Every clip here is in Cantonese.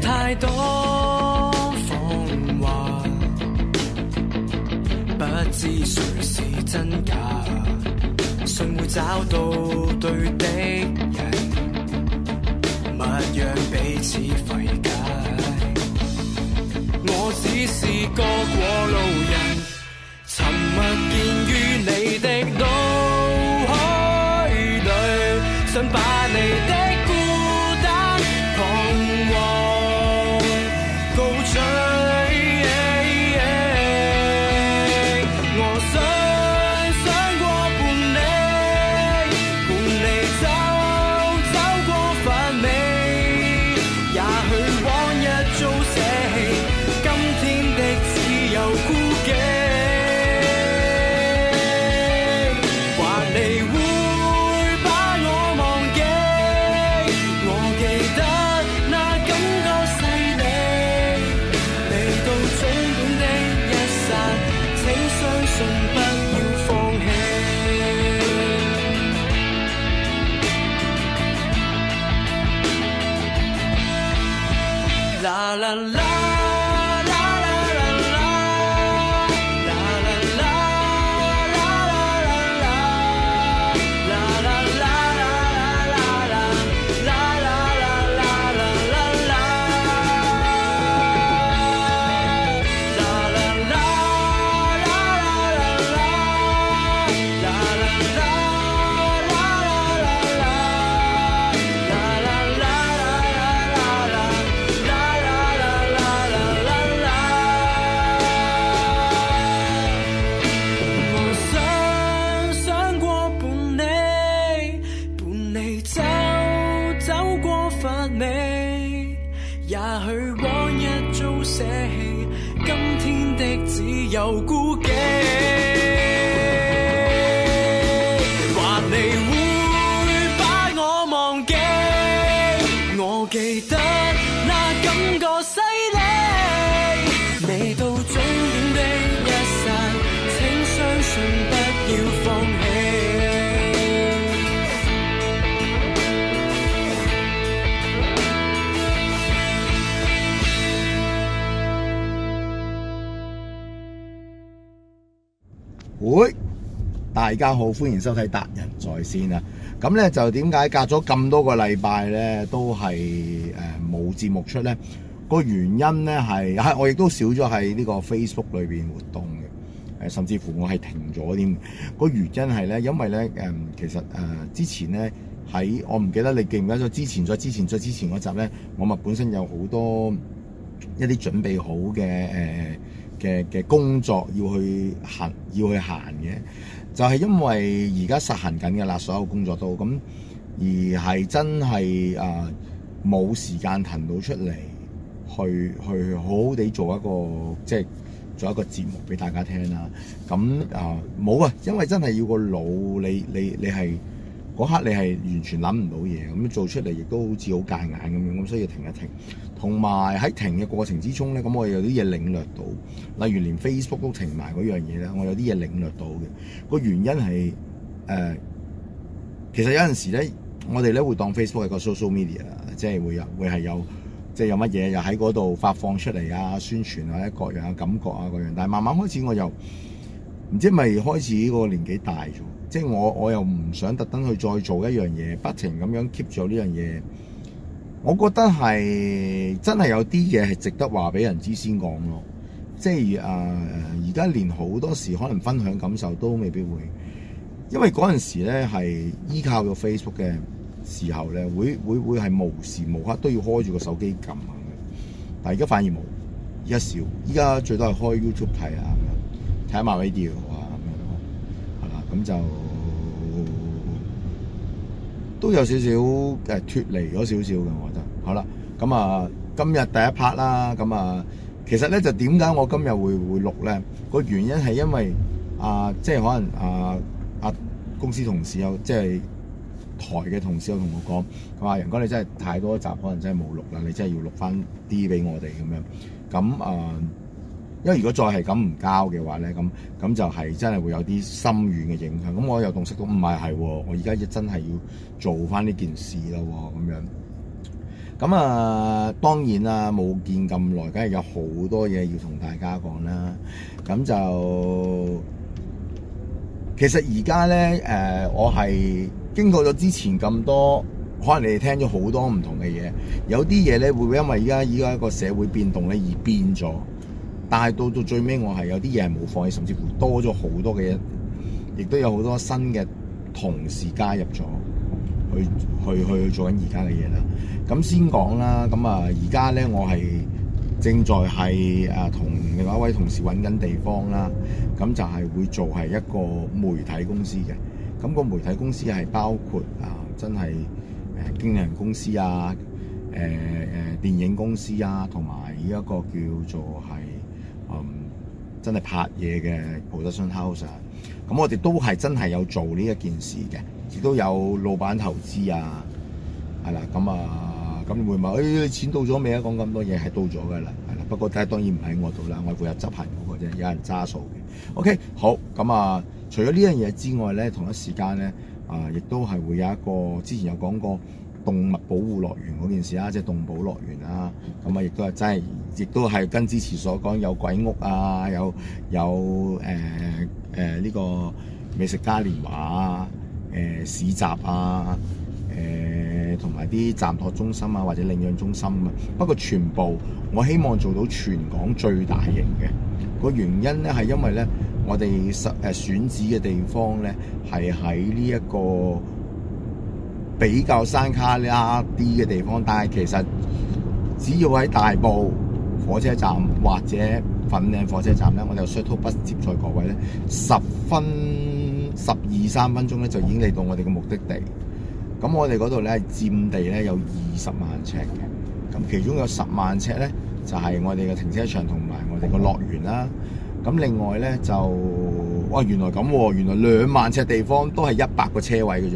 太多謊話，不知誰是真假，誰會找到對的人，勿讓彼此費解。我只是個過路人。也許往日早捨棄，今天的只有孤寂。喂，大家好，歡迎收睇達仁在線啊！咁咧就點解隔咗咁多個禮拜咧都係誒冇節目出咧？個原因咧係，我亦都少咗喺呢個 Facebook 裏邊活動嘅，誒、呃、甚至乎我係停咗添。個原因係咧，因為咧誒、呃，其實誒、呃、之前咧喺我唔記得你記唔記得咗之前再之前再之前嗰集咧，我咪本身有好多一啲準備好嘅誒。呃嘅嘅工作要去行要去行嘅，就係因為而家實行緊嘅啦，所有工作都咁，而係真係，誒、呃，冇時間騰到出嚟，去去好好哋做一個，即係做一個節目俾大家聽啦。咁啊冇啊，因為真係要個腦，你你你係嗰刻你係完全諗唔到嘢，咁做出嚟亦都好似好戒眼咁樣，咁所以停一停。同埋喺停嘅過程之中咧，咁我有啲嘢領略到，例如連 Facebook 都停埋嗰樣嘢咧，我有啲嘢領略到嘅個原因係誒、呃，其實有陣時咧，我哋咧會當 Facebook 係個 social media 即係會，會有會係有即係有乜嘢又喺嗰度發放出嚟啊、宣傳啊、各樣嘅、啊、感覺啊、各樣、啊，但係慢慢開始我又唔知係咪開始個年紀大咗，即係我我又唔想特登去再做一樣嘢，不停咁樣 keep 咗呢樣嘢。我覺得係真係有啲嘢係值得話俾人知先講咯，即係誒而家連好多時可能分享感受都未必會，因為嗰陣時咧係依靠咗 Facebook 嘅時候咧，會會會係無時無刻都要開住個手機撳嘅。但係而家反而冇，而家少，而家最多係開 YouTube 睇啊，睇下 MyRadio 啊咁樣，係啦、嗯，咁、嗯、就都有少少誒脫離咗少少嘅。好啦，咁啊，今日第一 part 啦，咁啊，其實咧就點解我今日會會錄咧？個原因係因為啊、呃，即係可能啊啊、呃、公司同事有即係台嘅同事有同我講，佢話：仁哥，你真係太多集，可能真係冇錄啦，你真係要錄翻啲俾我哋咁樣。咁、呃、啊，因為如果再係咁唔交嘅話咧，咁咁就係真係會有啲深遠嘅影響。咁我又洞悉到，唔係係喎，我而家真係要做翻呢件事啦喎，咁樣。咁啊，當然啦，冇見咁耐，梗係有好多嘢要同大家講啦。咁就其實而家咧，誒、呃，我係經過咗之前咁多，可能你哋聽咗好多唔同嘅嘢，有啲嘢咧會因為而家而家一個社會變動咧而變咗。但係到到最尾，我係有啲嘢係冇放棄，甚至乎多咗好多嘅嘢，亦都有好多新嘅同事加入咗。去去去做緊而家嘅嘢啦。咁先講啦。咁啊，而家咧我係正在係啊，同另外一位同事揾緊地方啦。咁就係、是、會做係一個媒體公司嘅。咁、那個媒體公司係包括啊，真係誒經理人公司啊，誒誒電影公司啊，同埋呢一個叫做係真係拍嘢嘅 production house。咁我哋都係真係有做呢一件事嘅。亦都有老闆投資啊，係啦，咁啊，咁會問誒、哎、錢到咗未啊？講咁多嘢係到咗㗎啦，係啦。不過睇當然唔喺我度啦，我負責有執行嗰個啫，有人揸數嘅。OK，好咁啊，除咗呢樣嘢之外咧，同一時間咧啊，亦都係會有一個之前有講過動物保護樂園嗰件事啦、啊，即係動保樂園啊，咁啊，亦都係真係，亦都係跟之前所講有鬼屋啊，有有誒誒呢個美食嘉年華啊。誒，市集啊，誒、呃，同埋啲暫托中心啊，或者領養中心啊，不過全部我希望做到全港最大型嘅。個原因咧，係因為咧，我哋實誒選址嘅地方咧，係喺呢一個比較山卡拉啲嘅地方，但係其實只要喺大埔火車站或者粉嶺火車站咧，我哋有 shuttle bus 接載各位咧，十分。十二三分鐘咧就已經嚟到我哋嘅目的地。咁我哋嗰度咧，佔地咧，有二十萬尺嘅，咁其中有十萬尺咧就係、是、我哋嘅停車場同埋我哋個樂園啦。咁另外咧就哇，原來咁，原來兩、啊、萬尺地方都係一百個車位嘅啫。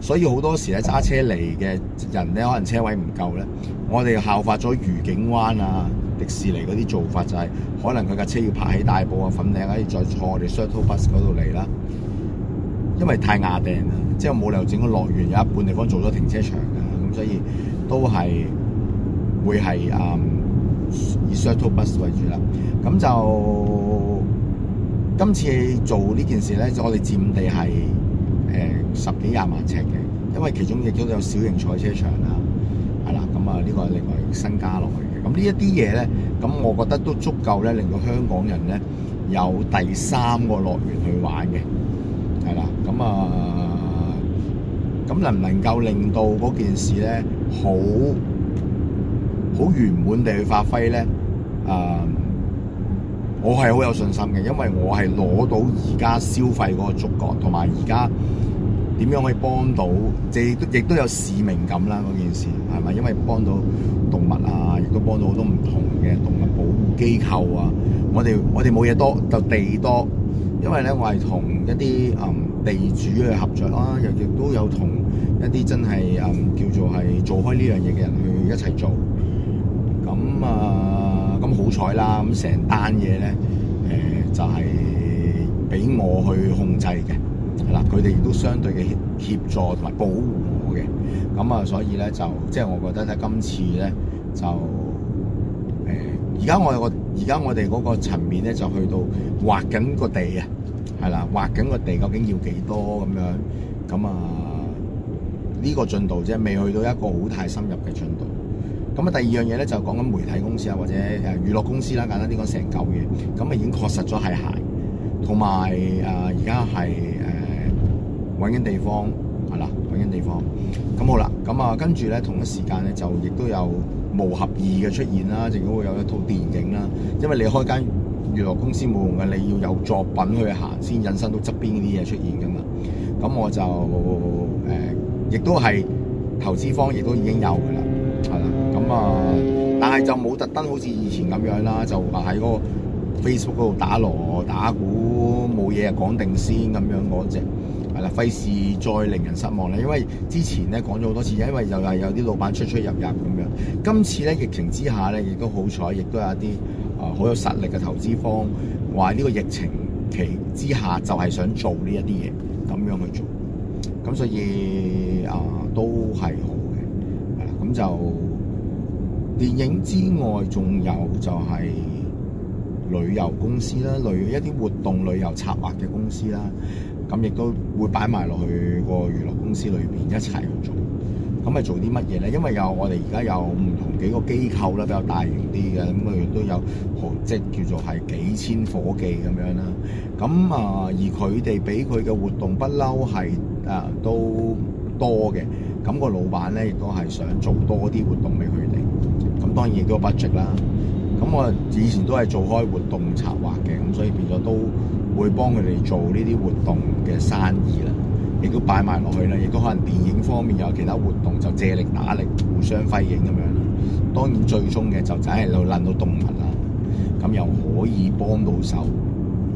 所以好多時咧揸車嚟嘅人咧，可能車位唔夠咧，我哋效法咗愉景灣啊、迪士尼嗰啲做法、就是，就係可能佢架車要爬起大埔啊、粉嶺啊，可以再坐我哋 shuttle bus 嗰度嚟啦。因為太壓頂啦，即係冇理由整個樂園有一半地方做咗停車場㗎，咁所以都係會係誒、嗯、以 Shuttle Bus 為主啦。咁就今次做呢件事咧，我哋佔地係誒、嗯、十幾廿萬尺嘅，因為其中亦都有小型賽車場啊，係啦。咁啊，呢個係另外一個新加落去嘅。咁呢一啲嘢咧，咁我覺得都足夠咧，令到香港人咧有第三個樂園去玩嘅。係啦，咁啊，咁、嗯、能唔能夠令到嗰件事咧好好圓滿地去發揮咧？誒、嗯，我係好有信心嘅，因為我係攞到而家消費嗰個觸覺，同埋而家點樣可以幫到，即係亦都有使命感啦嗰件事，係咪？因為幫到。動物啊，亦都幫到好多唔同嘅動物保護機構啊！我哋我哋冇嘢多，就地多，因為咧，我係同一啲嗯地主去合作啦、啊，又亦都有同一啲真係嗯叫做係做開呢樣嘢嘅人去一齊做。咁啊，咁好彩啦！咁成單嘢咧，誒、呃、就係、是、俾我去控制嘅，係啦，佢哋亦都相對嘅協助同埋保護。咁啊，所以咧就即係我覺得咧，今次咧就誒，而、呃、家我有個，而家我哋嗰個層面咧就去到挖緊個地，地啊，係啦，挖緊個地究竟要幾多咁樣？咁啊呢個進度即係，未去到一個好太深入嘅進度。咁啊，第二樣嘢咧就講緊媒體公司啊，或者誒娛樂公司啦，簡單啲講，成嚿嘢咁啊，已經確實咗係鞋，同埋誒而家係誒揾緊地方，係啦，揾緊地方。咁好啦，咁啊，跟住咧，同一時間咧，就亦都有無合意嘅出現啦，仲會有一套電影啦。因為你開間娛樂公司冇用嘅，你要有作品去行，先引申到側邊啲嘢出現噶嘛。咁我就誒、欸，亦都係投資方亦都已經有㗎啦，係啦。咁、嗯、啊，但係就冇特登好似以前咁樣啦，就話喺個 Facebook 嗰度打鑼打鼓，冇嘢講定先咁樣嗰隻。係啦，費事再令人失望啦。因為之前咧講咗好多次，因為又係有啲老闆出出入入咁樣。今次咧疫情之下咧，亦都好彩，亦都有一啲啊好有實力嘅投資方話呢個疫情期之下就係想做呢一啲嘢，咁樣去做。咁所以啊都係好嘅，係啦。咁就電影之外，仲有就係旅遊公司啦，旅一啲活動旅遊策劃嘅公司啦。咁亦都會擺埋落去個娛樂公司裏邊一齊去做，咁係做啲乜嘢咧？因為我有我哋而家有唔同幾個機構啦，比較大型啲嘅，咁佢都有何職叫做係幾千伙計咁樣啦。咁啊，而佢哋俾佢嘅活動不嬲係啊都多嘅，咁、個老闆咧亦都係想做多啲活動俾佢哋。咁當然亦都有 budget 啦。咁我以前都係做開活動策劃嘅，咁所以變咗都會幫佢哋做呢啲活動嘅生意啦，亦都擺埋落去啦，亦都可能電影方面有其他活動就借力打力，互相輝映咁樣。當然最終嘅就淨係度諗到動物啦，咁又可以幫到手，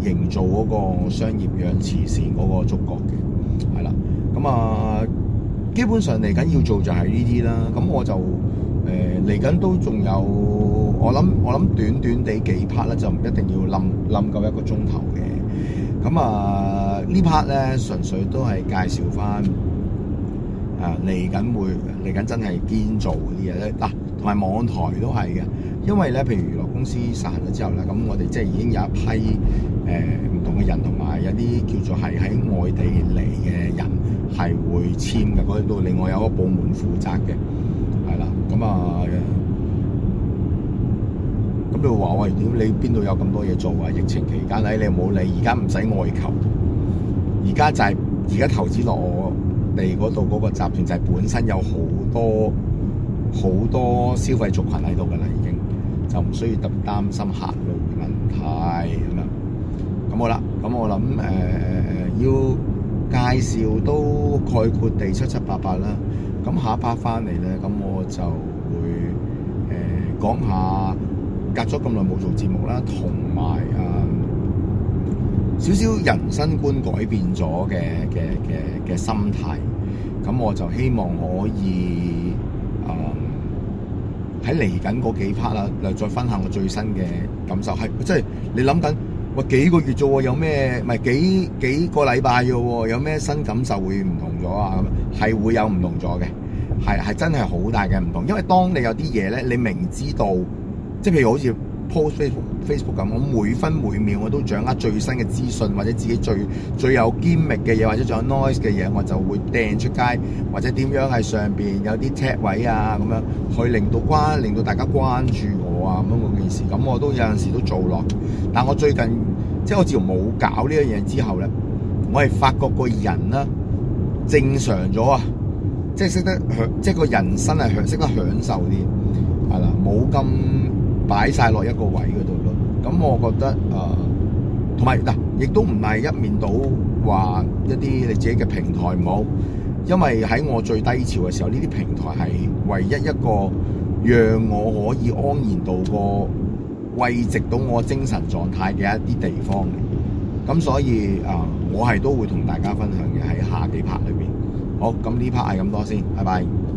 營造嗰個商業養慈善嗰個觸覺嘅，係啦。咁啊，基本上嚟緊要做就係呢啲啦。咁我就。誒嚟緊都仲有，我諗我諗短短地幾 part 咧，就唔一定要冧冧夠一個鐘頭嘅。咁啊，呢 part 咧，純粹都係介紹翻誒嚟緊會嚟緊真係堅做嗰啲嘢咧。嗱、啊，同埋網台都係嘅，因為咧，譬如娛樂公司散咗之後咧，咁我哋即係已經有一批誒唔、呃、同嘅人，同埋有啲叫做係喺外地嚟嘅人係會簽嘅，嗰度另外有一個部門負責嘅。係啦，咁啊，咁你話喂，點你邊度有咁多嘢做啊？疫情期間咧，你冇理，而家唔使外求，而家就係而家投資落我哋嗰度嗰個集團，就係本身有好多好多消費族群喺度㗎啦，已經就唔需要特別擔心行路嘅問題咁樣。咁好啦，咁我諗誒、呃、要介紹都概括地七七八八啦。咁下一 part 翻嚟咧，咁就會誒講下，隔咗咁耐冇做節目啦，同埋啊少少人生觀改變咗嘅嘅嘅嘅心態。咁我就希望可以啊喺嚟緊嗰幾 part 啦，再分享我最新嘅感受。係即係你諗緊，喂幾個月做有咩？唔係幾幾個禮拜嘅喎，有咩新感受會唔同咗啊？係會有唔同咗嘅。係係真係好大嘅唔同，因為當你有啲嘢咧，你明知道，即係譬如好似 post Facebook Facebook 咁，我每分每秒我都掌握最新嘅資訊，或者自己最最有機密嘅嘢，或者仲有 noise 嘅嘢，我就會掟出街，或者點樣喺上邊有啲 tag 位啊咁樣，去令到關令到大家關注我啊咁嗰件事。咁我都有陣時都做落，但我最近即係我自從冇搞呢樣嘢之後咧，我係發覺個人咧正常咗啊！即係識得享，即係個人生係享，識得享受啲係啦，冇咁擺晒落一個位嗰度咯。咁我覺得誒，同埋嗱，亦都唔係一面倒話一啲你自己嘅平台唔好，因為喺我最低潮嘅時候，呢啲平台係唯一一個讓我可以安然度過、慰藉到我精神狀態嘅一啲地方。咁所以啊、呃，我係都會同大家分享嘅喺下幾 part 裏邊。好，咁呢 part 係咁多先，拜拜。